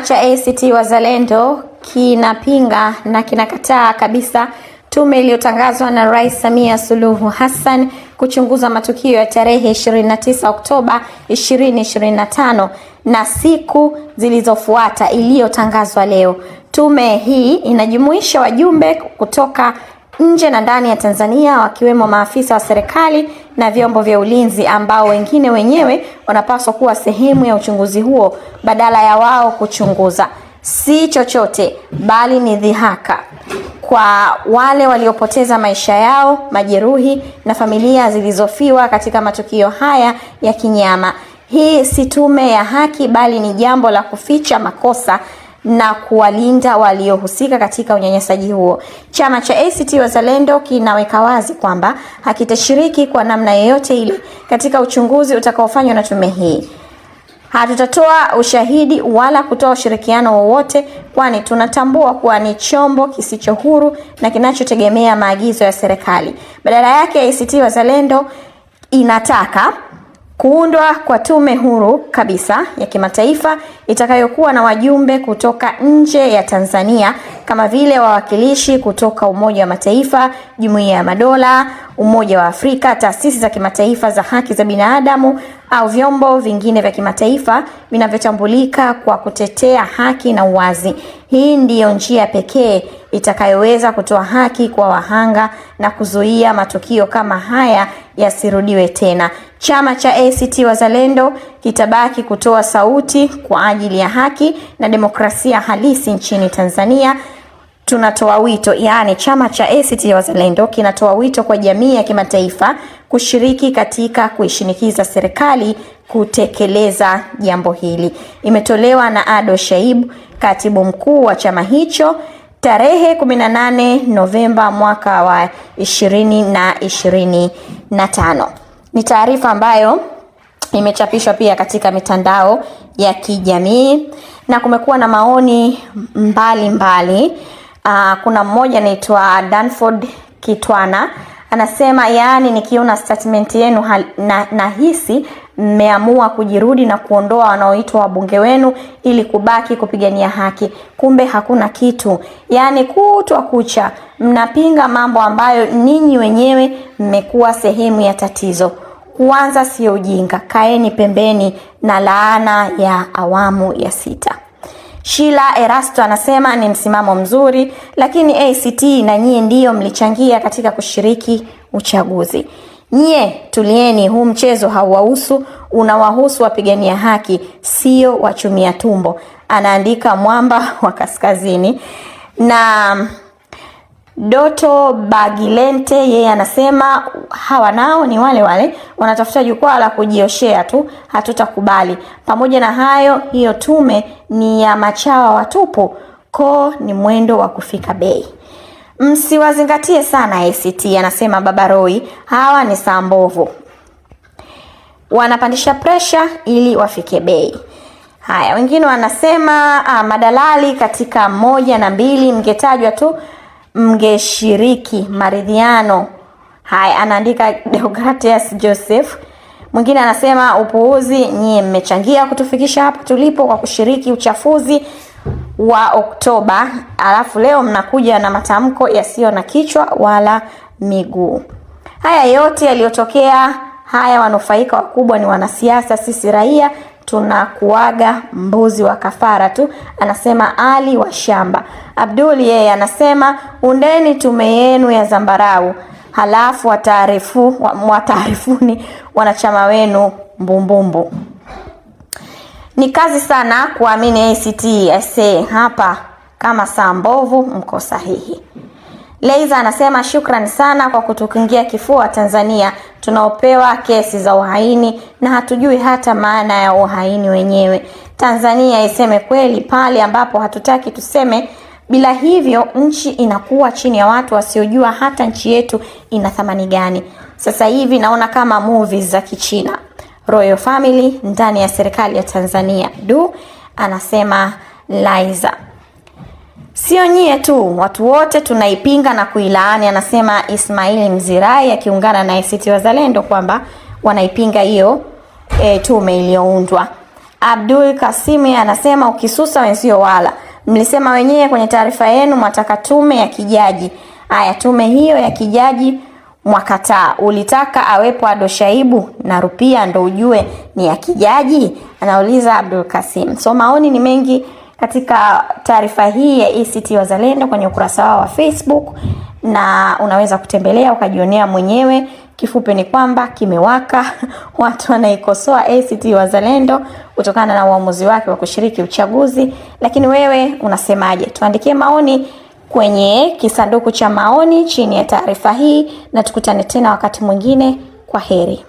cha ACT Wazalendo kinapinga na kinakataa kabisa tume iliyotangazwa na Rais Samia Suluhu Hassan kuchunguza matukio ya tarehe 29 Oktoba 2025 na siku zilizofuata iliyotangazwa leo. Tume hii inajumuisha wajumbe kutoka nje na ndani ya Tanzania wakiwemo maafisa wa serikali na vyombo vya ulinzi ambao wengine wenyewe wanapaswa kuwa sehemu ya uchunguzi huo badala ya wao kuchunguza. Si chochote bali ni dhihaka kwa wale waliopoteza maisha yao, majeruhi na familia zilizofiwa katika matukio haya ya kinyama. Hii si tume ya haki bali ni jambo la kuficha makosa na kuwalinda waliohusika katika unyanyasaji huo. Chama cha ACT Wazalendo kinaweka wazi kwamba hakitashiriki kwa namna yoyote ile katika uchunguzi utakaofanywa na tume hii. Hatutatoa ushahidi wala kutoa ushirikiano wowote, kwani tunatambua kuwa ni chombo kisicho huru na kinachotegemea maagizo ya serikali. Badala yake, ACT Wazalendo inataka Kuundwa kwa tume huru kabisa ya kimataifa itakayokuwa na wajumbe kutoka nje ya Tanzania kama vile wawakilishi kutoka Umoja wa Mataifa, Jumuiya ya Madola, Umoja wa Afrika, taasisi za kimataifa za haki za binadamu au vyombo vingine vya kimataifa vinavyotambulika kwa kutetea haki na uwazi. Hii ndiyo njia pekee itakayoweza kutoa haki kwa wahanga na kuzuia matukio kama haya yasirudiwe tena. Chama cha ACT Wazalendo kitabaki kutoa sauti kwa ajili ya haki na demokrasia halisi nchini Tanzania. Tunatoa wito, yaani chama cha ACT Wazalendo kinatoa wito kwa jamii ya kimataifa kushiriki katika kuishinikiza serikali kutekeleza jambo hili. Imetolewa na Ado shaib katibu mkuu wa chama hicho tarehe 18 Novemba mwaka wa 2025. Ni taarifa ambayo imechapishwa pia katika mitandao ya kijamii na kumekuwa na maoni mbalimbali mbali. Uh, kuna mmoja anaitwa Danford Kitwana anasema yaani, nikiona statement yenu na, nahisi mmeamua kujirudi na kuondoa wanaoitwa wabunge wenu ili kubaki kupigania haki, kumbe hakuna kitu. Yaani kutwa kucha mnapinga mambo ambayo ninyi wenyewe mmekuwa sehemu ya tatizo kwanza sio ujinga, kaeni pembeni na laana ya awamu ya sita. Shila Erasto anasema ni msimamo mzuri, lakini ACT na nyie ndiyo mlichangia katika kushiriki uchaguzi. Nyie tulieni, huu mchezo hauwahusu, unawahusu wapigania haki, sio wachumia tumbo, anaandika mwamba wa kaskazini na Doto Bagilente yeye anasema hawa nao ni wale wale wanatafuta jukwaa la kujioshea tu, hatutakubali. Pamoja na hayo, hiyo tume ni ya machawa watupu, ko ni mwendo wa kufika bei. Msiwazingatie sana ACT, anasema Baba Roy, hawa ni sambovu wanapandisha presha ili wafike bei. Haya, wengine wanasema ah, madalali katika moja na mbili mngetajwa tu mngeshiriki maridhiano. Haya, anaandika Deogratias Joseph. Mwingine anasema upuuzi, nyie mmechangia kutufikisha hapa tulipo kwa kushiriki uchafuzi wa Oktoba, alafu leo mnakuja na matamko yasiyo na kichwa wala miguu. Haya yote yaliyotokea haya, wanufaika wakubwa ni wanasiasa, sisi raia tunakuaga mbuzi wa kafara tu, anasema Ali wa Shamba. Abdul yeye anasema undeni tume yenu ya zambarau, halafu wataarifu wataarifuni wanachama wenu mbumbumbu. Ni kazi sana kuamini ACT SA hapa, kama saa mbovu mko sahihi. Leiza anasema shukrani sana kwa kutukingia kifua Tanzania tunaopewa kesi za uhaini na hatujui hata maana ya uhaini wenyewe. Tanzania iseme kweli pale ambapo hatutaki tuseme, bila hivyo nchi inakuwa chini ya watu wasiojua hata nchi yetu ina thamani gani. Sasa hivi naona kama movies za Kichina. Royal Family ndani ya serikali ya Tanzania. Du anasema Liza. Sio nyie tu, watu wote tunaipinga na kuilaani, anasema Ismail Mzirai akiungana na ACT Wazalendo kwamba wanaipinga hiyo e, tume iliyoundwa. Abdul Kasimi anasema ukisusa wenzio wala, mlisema wenyewe kwenye taarifa yenu mwataka tume ya kijaji. Aya, tume hiyo ya kijaji mwakataa. Ulitaka awepo Ado Shaibu na Rupia ndo ujue ni ya kijaji, anauliza Abdul Kasim. So maoni ni mengi katika taarifa hii ya ACT e Wazalendo kwenye ukurasa wao wa Facebook, na unaweza kutembelea ukajionea mwenyewe. Kifupi ni kwamba kimewaka, watu wanaikosoa ACT e Wazalendo kutokana na uamuzi wake wa kushiriki uchaguzi. Lakini wewe unasemaje? Tuandikie maoni kwenye kisanduku cha maoni chini ya taarifa hii, na tukutane tena wakati mwingine. Kwa heri.